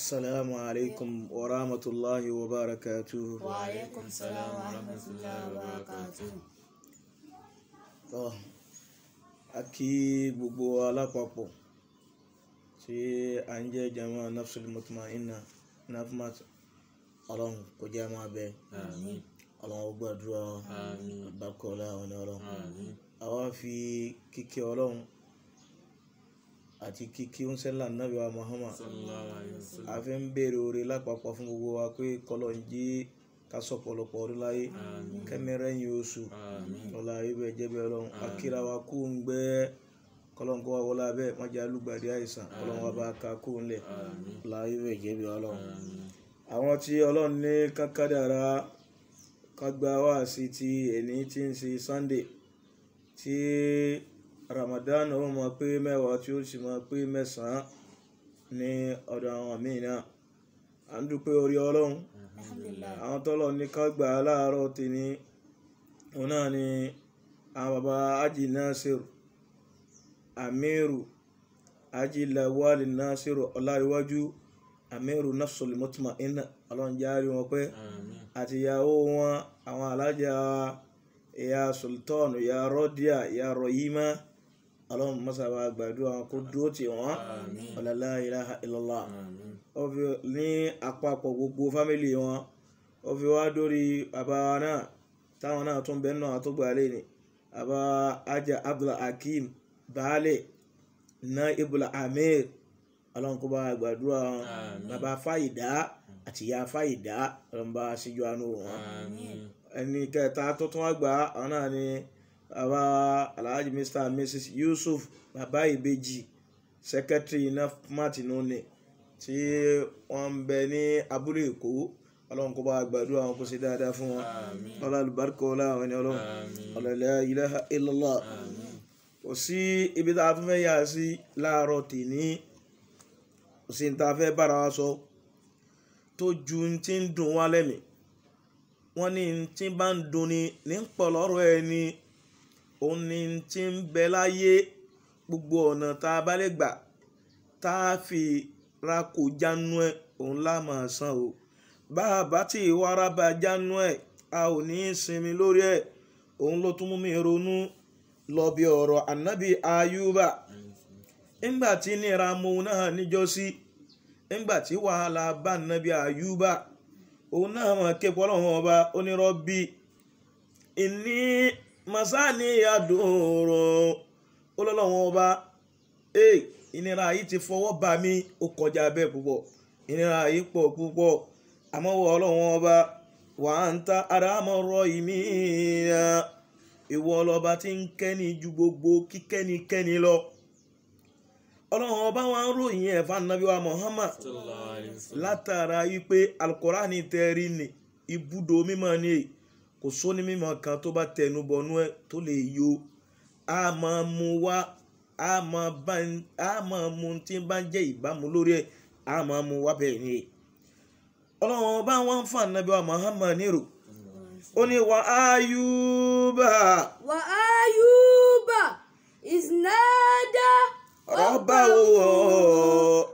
السلام عليكم ورحمة الله وبركاته وعليكم السلام ورحمة الله وبركاته a kí gbogbo alápapọ̀ tí à ń jẹ́ jama nafsul mutmainna nafmat ọlọ́run kò jẹ́ máa bẹ ọlọ́run ó gbàdúrà bákọ́lá ọ̀nà ọlọ́run àwa fi kíkẹ́ ọlọ́run àti kíkí ń sẹ́là nàbí wa mahama, a fẹ́ ń béèrè oore lápapọ̀ fún gbogbo wa pé kọ́lọ̀ ń jí ká sọ pọ̀lọpọ̀ orí láyé kẹ́mẹ́rẹ́ yìí oṣù ọ̀la ibẹ̀ jẹ́bẹ̀ ọlọ́run akíra wa kú ń gbẹ́ kọ́lọ́n kó wa wọlé abẹ́ mọ́jà lùgbàdì àìsàn ọlọ́run wa bá ka kú ń lẹ̀ ọ̀la ibẹ̀ jẹ́bẹ̀ ọlọ́run. àwọn tí ọlọ́run ní kákádàrá kágbá wá sí ti ẹni tí ń ṣe Sunday tí. Ti Ramadan ó mọ pé mẹ́wàá tí ó sì mọ pé mẹ́sàn-án ní ọ̀dọ̀ àwọn míì náà à ń dúpẹ́ orí ọlọ́run àwọn tọ́lọ̀ ní ká gbà á láàárọ̀ tèmi òun náà ni àwọn baba Haji Nasiru Amiru Haji Lawal Nasiru Ọláríwájú Amiru Nafsul Mutma'inna ọlọ́run járe wọn pé àti ìyàwó wọn àwọn alájà ìyá Sultan ìyá Rọ́díà ìyá Rọ̀yímá ọlọ́run mọ́sá bá gbàdúrà wọn kó dúró tì wọ́n ọ̀làlá ilaha illallah ó fi ní àpapọ̀ gbogbo fámìlì wọn ó fi wá dórí bàbá náà táwọn náà tún bẹ́ẹ̀ náà tó gbàlẹ́ ni bàbá ajá abdul hakeem baálé ná ibùdó amir ọlọ́run kó bá gbàdúrà wọn bàbá fáyidá àti ìyá fáyidá ọlọ́run bá ṣíjú àánú wọn ẹni kẹta tó tún wá ni. Amen baba alhaji mr and mrs yusuf baba ìbejì secretary nafmat nune tí wọ́n ń bẹ ní abúlé èkó ọlọ́run kó bá gbàdúrà wọn kó ṣe dáadáa fún wọn ọlọ́run alùbáríkà ọlọ́run ẹni ọlọ́run ọ̀lẹ́lẹ́ ilaha illallah kò sí ibi tá a fẹ́ yà sí láàárọ̀ tèmi kò sí tá fẹ́ bára wa sọ tó ju ti ń dùn wá lẹ́mìí wọ́n ní ti bá ń dunni ní pọ̀lọ́rọ̀ ẹni. òun ni ti ń bẹ láyé gbogbo ọ̀nà tá a bá lè gbà tá a fi rako jánu ẹ̀ òun la máa san o bá a bá tí ìwaraba jánu ẹ̀ a ò ní í sinmi lórí ẹ̀ òun ló tún mú mi ronú lọ bí ọ̀rọ̀ ànábì ayúbà ńgbà tí nira mu náà níjọ́sí ńgbà tí wàhálà bá ànábì ayúbà òun náà mọ̀ képe ọlọ́run ọba onírọ́bí ìní masani ya dòrò ọlọ́lọ́wọ́n ọba ee ìnira yìí ti fọwọ́ bá mi ó kọjá bẹ́ẹ̀ púpọ̀ ìnira yìí pọ̀ púpọ̀ àmọ́wọ́ ọlọ́wọ́n ọba wà á ń ta ara mọ́rọ́ ìmí ya ìwọ ọlọ́ba ti ń ju gbogbo kíkẹ́nikẹ́ni lọ ọlọ́run ọba wa ń ròyìn ẹ̀ Muhammad látara yìí pé alukóra ni ni ibùdó mímọ́ kò sóní mímọ̀ kan tó bá tẹnu bọnú ẹ tó lè yọ á máa mú wá á máa mú tí bá ń ìbámu lórí ẹ á máa mú wá ma ni. ọlọ́run ọba wọn fà nàbí wa Muhammad nírò ó ní wa ayuba. wa ayuba wo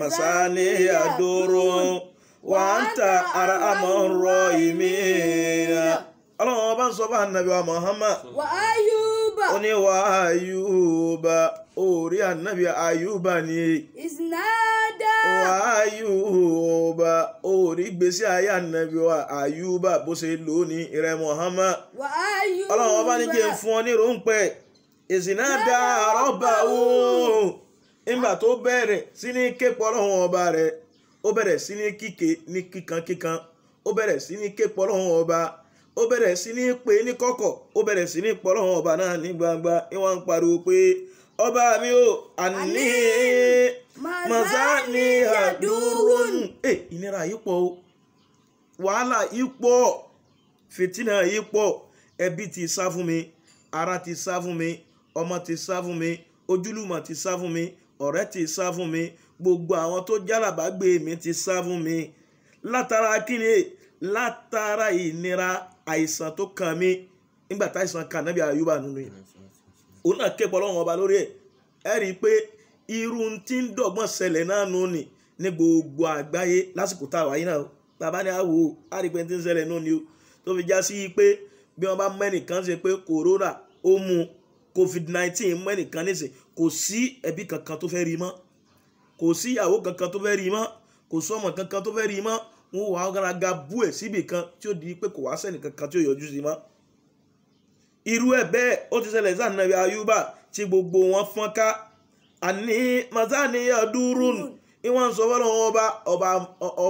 masani adoro. wanta ara ama ń rọ ìmíra ọlọ́run ọba ń bá ànàbí wa Muhammad wà áyúbà ó ní wà áyúbà orí ni ìsìnàdà wà áyúbà orí gbèsè ayé ànàbí wa ayuba bó ṣe lò ní ìrẹ Muhammad wà ọba ní jẹ́ fún ọ ní nígbà tó sí ọba ó bẹ̀rẹ̀ sí ní kíkè ní kíkan ó bẹ̀rẹ̀ sí ní ké pe Ọlọ́run ọba ó bẹ̀rẹ̀ sí ní pè ní kọ̀kọ̀ ó bẹ̀rẹ̀ sí ní pe Ọlọ́run ọba náà ní gbangba ìwọ̀n ń pariwo pé ọba mi ò àní màzá ni àdúrún. ẹ ìnira yìí pọ̀ o wàhálà yìí pọ̀ fìtínà yìí pọ̀ ẹbí ti sá mi ara ti sá fún mi ọmọ ti sá fún mi ti sá fún mi ti sá fún gbogbo àwọn tó jálàbágbé mi ti sá fún mi látara kíni látara ìnira àìsàn tó kàn mí nígbà táìsàn kàn náà bí nínú yìí òun náà ọba lórí ẹ̀ ẹ rí i pé irú tí ń dọ̀gbọ́n ṣẹlẹ̀ náà nù ní gbogbo àgbáyé lásìkò táwa yìí náà bàbá ni àwò i tí ń o tó fi já sí pé bí wọ́n bá mẹ́nìkan ṣe pé ó mu covid 19 mẹ́nìkan kò kò sí ìyàwó kankan tó fẹ́ rí mọ́ kò sọmọ kankan tó fẹ́ rí mọ́ wọn wà ágaraga bú ẹ̀ síbì kan tí ó di pé kò wá sẹ́ni kankan tí ó yọjú sí mọ́ irú ẹ̀ bẹ́ẹ̀ ó ti ṣẹlẹ̀ sí ayúbà tí gbogbo wọn fọ́n ká àní sọ ọba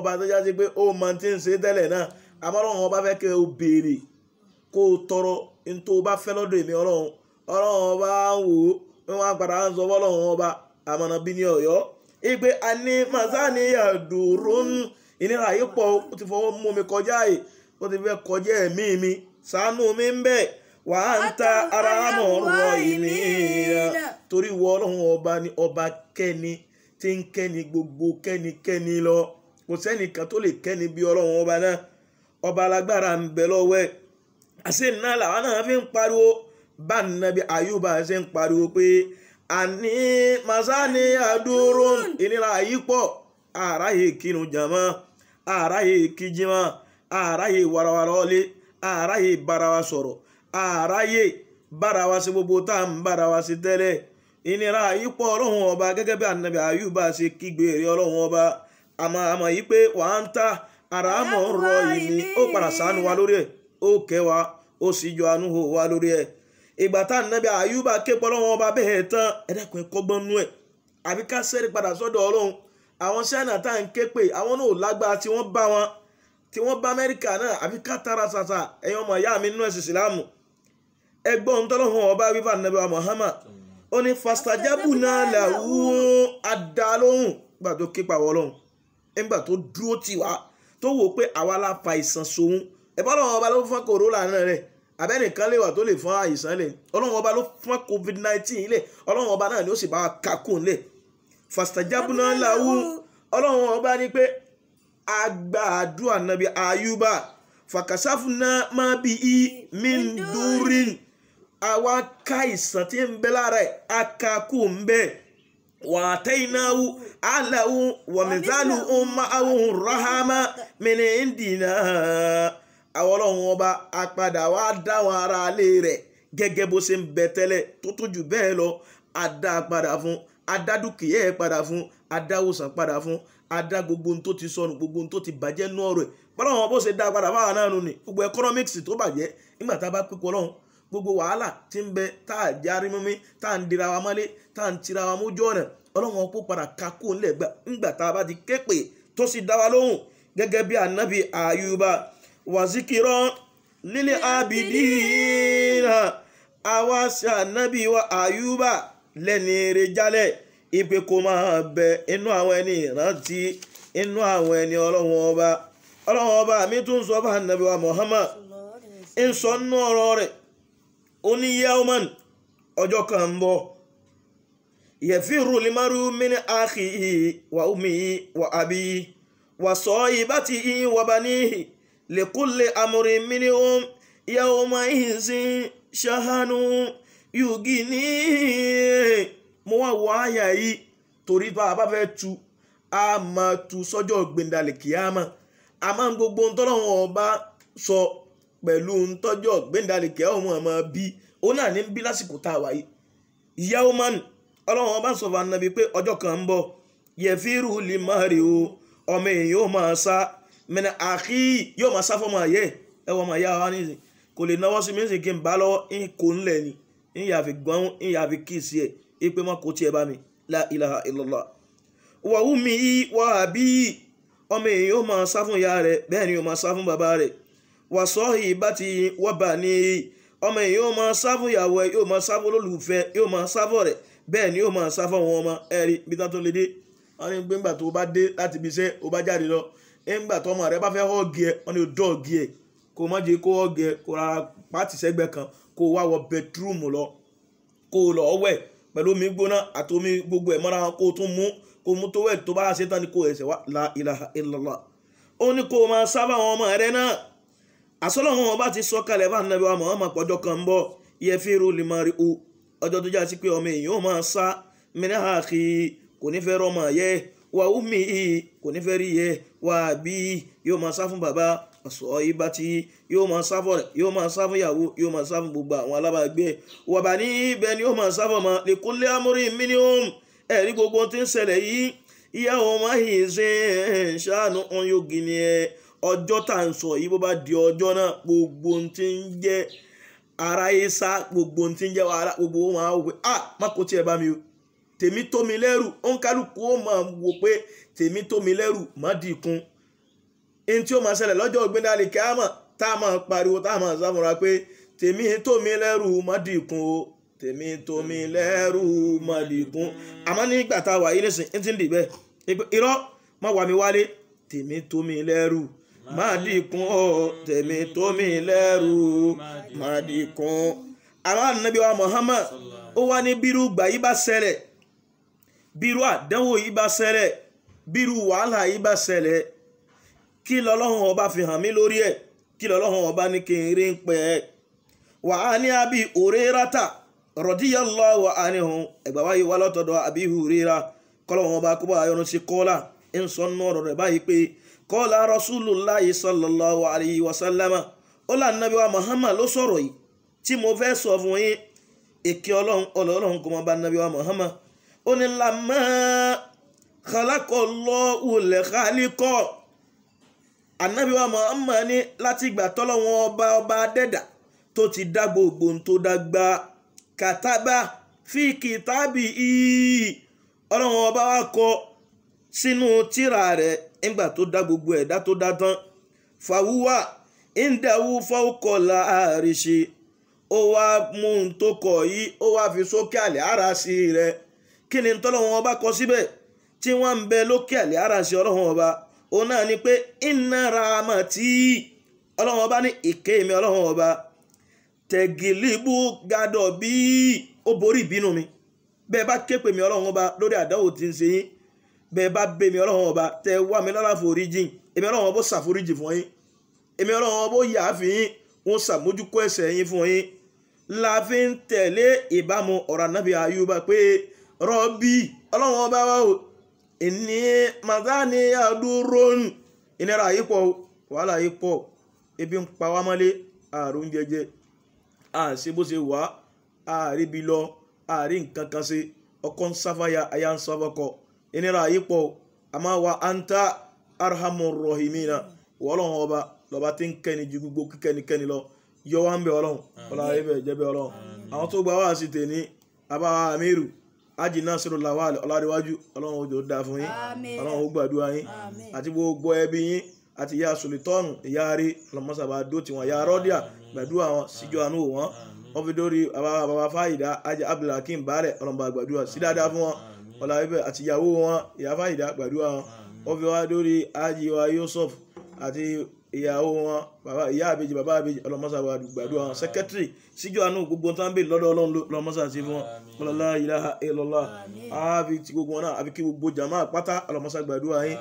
ọba tó jáde pé ó mọ ń ṣe tẹ́lẹ̀ náà ọba fẹ́ kẹ́ o béèrè kó o tọrọ nítorí o bá fẹ́ ọba wò ó igbe àní màsáni àdùrún ìnira yìí pọ̀ ó ti fọwọ́ mú mi kọjá yi ó ti fẹ́ kọjá ẹ̀mí mi sanu mi ń bẹ̀ wà á ń ta ara àmọ̀ rọ ìnira torí ìwọ ọlọ́run ọba ni ọba kẹni tí ń kẹni gbogbo kẹ́nikẹ́ni lọ kò sẹ́nìkan tó lè kẹ́ni bí ọlọ́run ọba náà ọba alágbára ń bẹ lọ́wọ́ ẹ̀ àṣẹ ìnáàlà àwọn náà fi ń pariwo bá nàbí Ayúbà ṣe ń pariwo pé massa nnila adoro mbụ nnila ayịpọ arahie kinu jama arahie kijima arahie warawara ole arahie barawa soro arahie barawa si gbogbo taa mba si tere ịnara ayikpo ọlọhụ ọba gege bi ayụba iji gbe ụgbọelu ọlọhụ ọba ama ama ịpị wa nta arahiema ọrụrụ ọrụrụ ịmị ọ kpara saanụ lori ihe ọ kwa o si jụ anụ wa lori ihe. ìgbà tá ànábì àyùbá ké pọ́ lọ́wọ́ ọba bẹ́ẹ̀ tán ẹ̀dẹ́kun ẹ̀kọ́ gbọ́n nú ẹ̀ àbí ká sẹ́rí padà sọ́dọ̀ ọlọ́run àwọn ṣáínà tá à ń ké pè àwọn náà lágbára tí wọ́n bá wọn tí wọ́n bá amẹ́ríkà náà àbí ká tara ṣàṣà ẹ̀yin ọmọ ìyá mi nínú ẹ̀sìn ìsìlámù ẹgbọ́n tọ́lọ́hún ọba wíwá ànábì Muhammad ó ní fastajabu náà làwù adalóhùn nígbà tó ké pàwọ́ ọlọ́run nígbà tó dúró tì wá tó wò pé àwa la fa ìsàn sóhun ẹ̀bọ́n ọba ló fún kòró làánà rẹ̀ abẹ́nìkan lè wà tó lè fún àìsàn lè ọlọ́run ọba ló fún covid nineteen lè ọlọ́run ọba náà ni ó sì bá wa kakún lè fastajabna lahu ọlọ́run ọba ní pé agba àdúrà ayuba ayúbà fàkàsáfúnà má bí i mindúrin àwa ká ìsàn tí ń bẹ lára ẹ̀ akakún ń bẹ wàtẹ́ináwó aláwo wàmẹ́sánù ọmọ àwọn rahama mẹ́lẹ́ ń dìnnà. àwọn ọlọ́run ọba apadà wá dáwọn ará ilé rẹ̀ gẹ́gẹ́ bó ṣe ń bẹ tẹ́lẹ̀ tó tó jù bẹ́ẹ̀ lọ adá padà fún adádúkìá padà fún adáwòsàn padà fún adá gbogbo tó ti sọnù gbogbo ohun tó ti bàjẹ́ nú ọ̀rọ̀ ẹ̀ bọ́lá wọn bó ṣe dá padà fáwọn náà nù ní gbogbo economics tó bàjẹ́ nígbà tá a bá pípọ̀ lọ́hùn gbogbo wàhálà wàzíkìrọ́ lílé abidina àwa ṣe ànábì wa àyùbá lẹ́ni eré jálẹ̀ ìpè kò máa bẹ inú àwọn ẹni ìrántí inú àwọn ẹni ọlọ́run ọba ọlọ́run ọba mi tún sọ bá ànábì wa Muhammad ń sọ nínú ọ̀rọ̀ rẹ̀ ó ní yelman ọjọ́ kan ń bọ̀ yẹ̀fìrù limaru mini akhihi wa umihi wa abihi wa sọ ibatihi wa banihi. لكل أمر mmiri يومئذ شهر يغني mo wá wọ àyà yìí torí bá a bá fẹ́ tu a tu gbogbo ntọ́lọ́wọ́n ọba sọ pẹ̀lú ntọjọ ọmọ a wà ọba sọ anabi pé ọjọ́ kan ń bọ̀ yẹ̀fí o ọmọ èèyàn ó mẹ́nà àkí yóò máa sáfọ́ máa yẹ ẹ e wọ́n máa yá wa nísìn kò lè náwó sí mi kí n bá lọ́wọ́ ń kó ńlẹ̀ ni ń yà fi gbọ́n ń yà fi kí sí ẹ̀ ẹ pé má kó tiẹ̀ bá mi la ilaha illallah. wàhù mi yí wà á bí ọmọ èèyàn yóò máa sá fún ìyá rẹ̀ bẹ́ẹ̀ ni yóò máa sá fún bàbá rẹ̀ wà sọ́ọ̀hì bá ti wọ́n bà ní ọmọ èèyàn yóò máa sá fún ìyàwó ẹ̀ yóò máa sá fún yóò máa sá fún bẹ́ẹ̀ ni yóò máa sá fún àwọn ọmọ ẹ̀rí bí tá tó le dé wọ́n ní gbẹ́ngbà tó bá dé láti ibi iṣẹ́ ó bá jáde lọ e tó ọmọ rẹ bá fẹ́ họ́ọ̀gì ẹ wọ́n ní dọ́ọ̀gì ẹ kó má jẹ́ kó họ́ọ̀gì ẹ kó rárá pàtì sẹ́gbẹ́ kan wá wọ lọ kó lọ wẹ̀ pẹ̀lú omi gbóná àti omi gbogbo ẹ̀ mọ́ra kó tún mú kó mú tó wẹ̀ tó bá ṣe tán ni la ilaha illallah ó ní kó máa sábà ọmọ rẹ náà wọn bá ti sọ bá nàbí wa o ọmọ wà umi kò ní fẹ́ rí yẹ wà bí yóò máa sá fún bàbá ọ̀sọ̀ ibà tí yóò máa sá fún yóò máa sá fún ìyàwó yóò máa sá fún gbogbo àwọn alábàágbé wà bá ní ibẹ̀ ni yóò máa sá fún ọmọ lè lé amórí mínímù ẹ̀rí gbogbo tí ń ṣẹlẹ̀ yìí ìyá ọmọ yìí ṣe ń ṣàánú ọ̀hún yóò gini ẹ ọjọ́ tà ń sọ yìí bó bá di ọjọ́ náà gbogbo tí ń jẹ́ ara yìí sá gbogbo tí ń jẹ́ wàhálà gbogbo wọn á wò pé ah má kó tiẹ̀ bá mi o. tèmi tó mi lẹ́rù ó máa wò pé tèmi tó mi lẹ́rù má dìkun tí ó máa ṣẹlẹ̀ lọ́jọ́ ògbéńdà lè kí tá a máa pariwo tá a máa pé tèmi tó mi lẹ́rù má dìkun o tèmi tó mi lẹ́rù má dìkun àmọ́ tá a wà yìí ń bẹ́ẹ̀ irọ́ má wà mí wálé tèmi tó mi lẹ́rù má o tèmi tó mi wa Muhammad biru àdánwò yìí bá ṣẹlẹ̀ bírú wàhálà yìí kí lọ́lọ́hun ọba fi hàn mí lórí ẹ̀ kí lọ́lọ́hun ọba ní kí n rí ń pẹ́ ẹ̀ wàá ní àbí ẹ̀gbà wáyé lọ́tọ̀dọ̀ ọba ayọ́nu sí kọ́lá ń sọ ọ̀rọ̀ rẹ̀ báyìí pé kọ́lá wa ó là nàbí wa muhammad ló ó ní lamọ́ kọlákọ̀ lọ wòlẹ̀ kálíkọ̀ ànábì wa Muhammad ní láti ìgbà tọ́lọ́wọ́n ọba ọba adẹ́dà tó ti dá gbogbo tó dágbà kàtàbà fi kìtàbì ìyí ọlọ́wọ́n ọba wa kọ sínú tírà rẹ̀ nígbà tó dá gbogbo ẹ̀dá tó dá tán fàwúwà ìdáwó fọ́ọ̀kọ̀ láàrin ṣe ó wá mú un tó kọ̀ yìí ó wá fi sókè àlẹ́ ara sí rẹ̀. kí ni ọba kọ síbẹ̀ tí wọ́n ń bẹ lókè àlẹ́ aráàṣẹ ọlọ́wọ́n ọba òun náà ni pé iná ra tí ọba ní ìké mi ọlọ́wọ́n ọba tẹ̀gìlíbù gàdọ̀ bí ó borí ìbínú mi bẹ́ẹ̀ bá ké pè mí ọba lórí àdáwò tí bẹ́ẹ̀ bá bẹ mi ọlọ́wọ́n ọba tẹ wá ọba rọ́bì ọlọ́run ọba wa o ìní mazani adúrónù ìnira yìí pọ̀ wàhálà yìí pọ̀ ebi ń pa wá mọ́lé àrùn jẹjẹ àṣe bó ṣe wà àríbi lọ àrí nǹkan kan ṣe ọkọ ń sáfàyà aya ń sáfàkọ ìnira yìí àmọ́ wa anta arhamu rahimina wọ́lọ́run ọba lọ́ba tí ń kẹ́ni ju gbogbo kíkẹ́nikẹ́ni lọ yọ wá ń bẹ̀ ọlọ́run ọlọ́run ayébẹ̀ jẹ́bẹ̀ ọlọ́run àwọn tó gba wá sí tèmi àbá amiru ájì náà sọ̀rọ̀ làwọn ọ̀làdíwájú ọlọ́run òjò dáa fún yín ọlọ́run ó gbàdúrà yín àti gbogbo ẹbí yín àti ìyá sòlítọ́ọ̀nù ìyá rí ọlọ́mọsàbà dó tiwọn ìyá rọ́díà gbàdúrà wọn síjọ àánú wọn wọn fi dórí bàbá bàbá fáyidá ájì abdulhakeem baálẹ̀ ọlọ́mọba gbàdúrà sí dáadáa fún wọn ọ̀làwíbẹ̀ àti ìyàwó wọn ìyá fáyidá gbàdúrà wọn wọn fi wá dórí ájì wa yusuf àti ìyàwó wọn bàbá ìyá àbèjì bàbá àbèjì ọlọmọsà gbàdúrà wọn sẹkẹtìrì síjọ àánú gbogbo tó ń bè lọ́dọ̀ Ọlọ́run lọmọsà sí fún wọn ọlọlá ilaha illallah àbí ti gbogbo wọn náà àbí kí gbogbo jàmá pátá ọlọmọsà gbàdúrà yín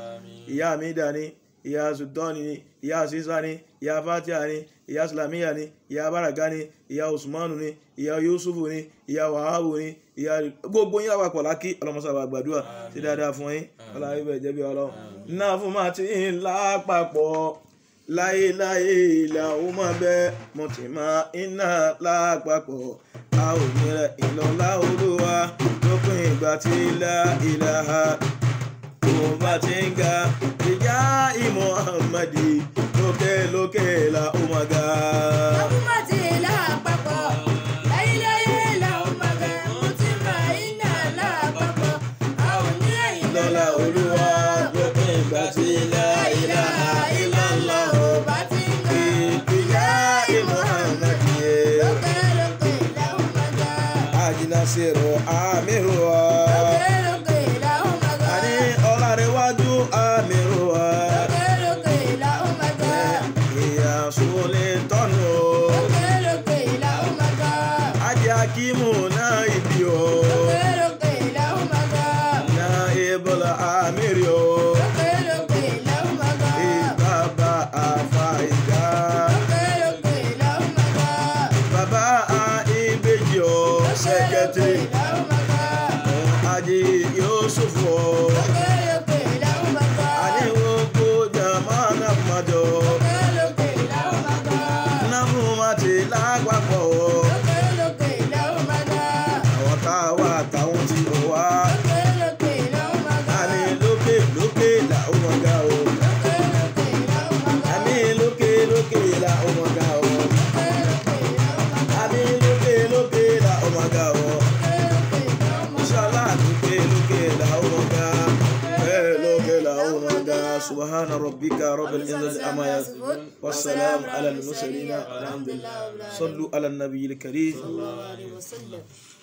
ìyá amídà ni ìyá sùdọ́ọ̀nì ni ìyá sísá ni ìyá fatia ni ìyá silamiya ni ìyá baraka ni ìyá usmanu ni ìyá yusufu ni ìyá wahabu ni ìyá gbogbo yín àpapọ̀ lákì ọlọmọsà gbàdúrà sí dáadáa fún yín ọlọmọsà ibẹ̀ jẹ́bi ọlọ́run náà fún màtí ńlá àpapọ̀ láéláé ìlà ó máa bẹ mo ti máa iná lápapọ̀ a ò nira ìlọ́lá olúwa lópin ìgbà tí ilá ìlà ha bá ti ń ga ìyá ìmọ̀ àmàdì lókè lókè là ó máa ga. àbúmọ̀tì. رب العزة عما والسلام على المرسلين والحمد لله صلوا على النبي الكريم صلى الله عليه وسلم